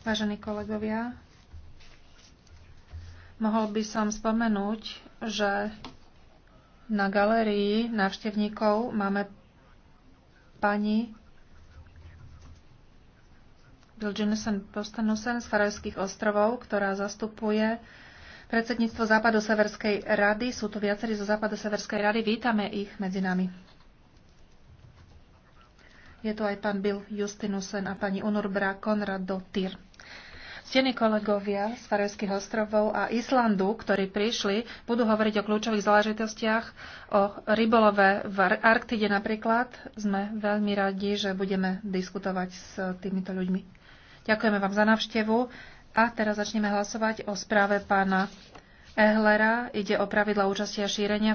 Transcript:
Vážení kolegovia, mohol by som spomenúť, že na galérii návštevníkov máme pani Bilgenesen Postanusen z Farajských ostrovov, ktorá zastupuje predsedníctvo Západo-Severskej rady. Sú tu viacerí zo Západo-Severskej rady. Vítame ich medzi nami. Je tu aj pán Bill Justinusen a pani Unurbra Konrad Konrad Dottir. Stení kolegovia z Farerských ostrovov a Islandu, ktorí prišli, budú hovoriť o kľúčových záležitostiach, o rybolove v Arktide napríklad. Sme veľmi radi, že budeme diskutovať s týmito ľuďmi. Ďakujeme vám za návštevu a teraz začneme hlasovať o správe pána Ehlera. Ide o pravidla účasti a šírenia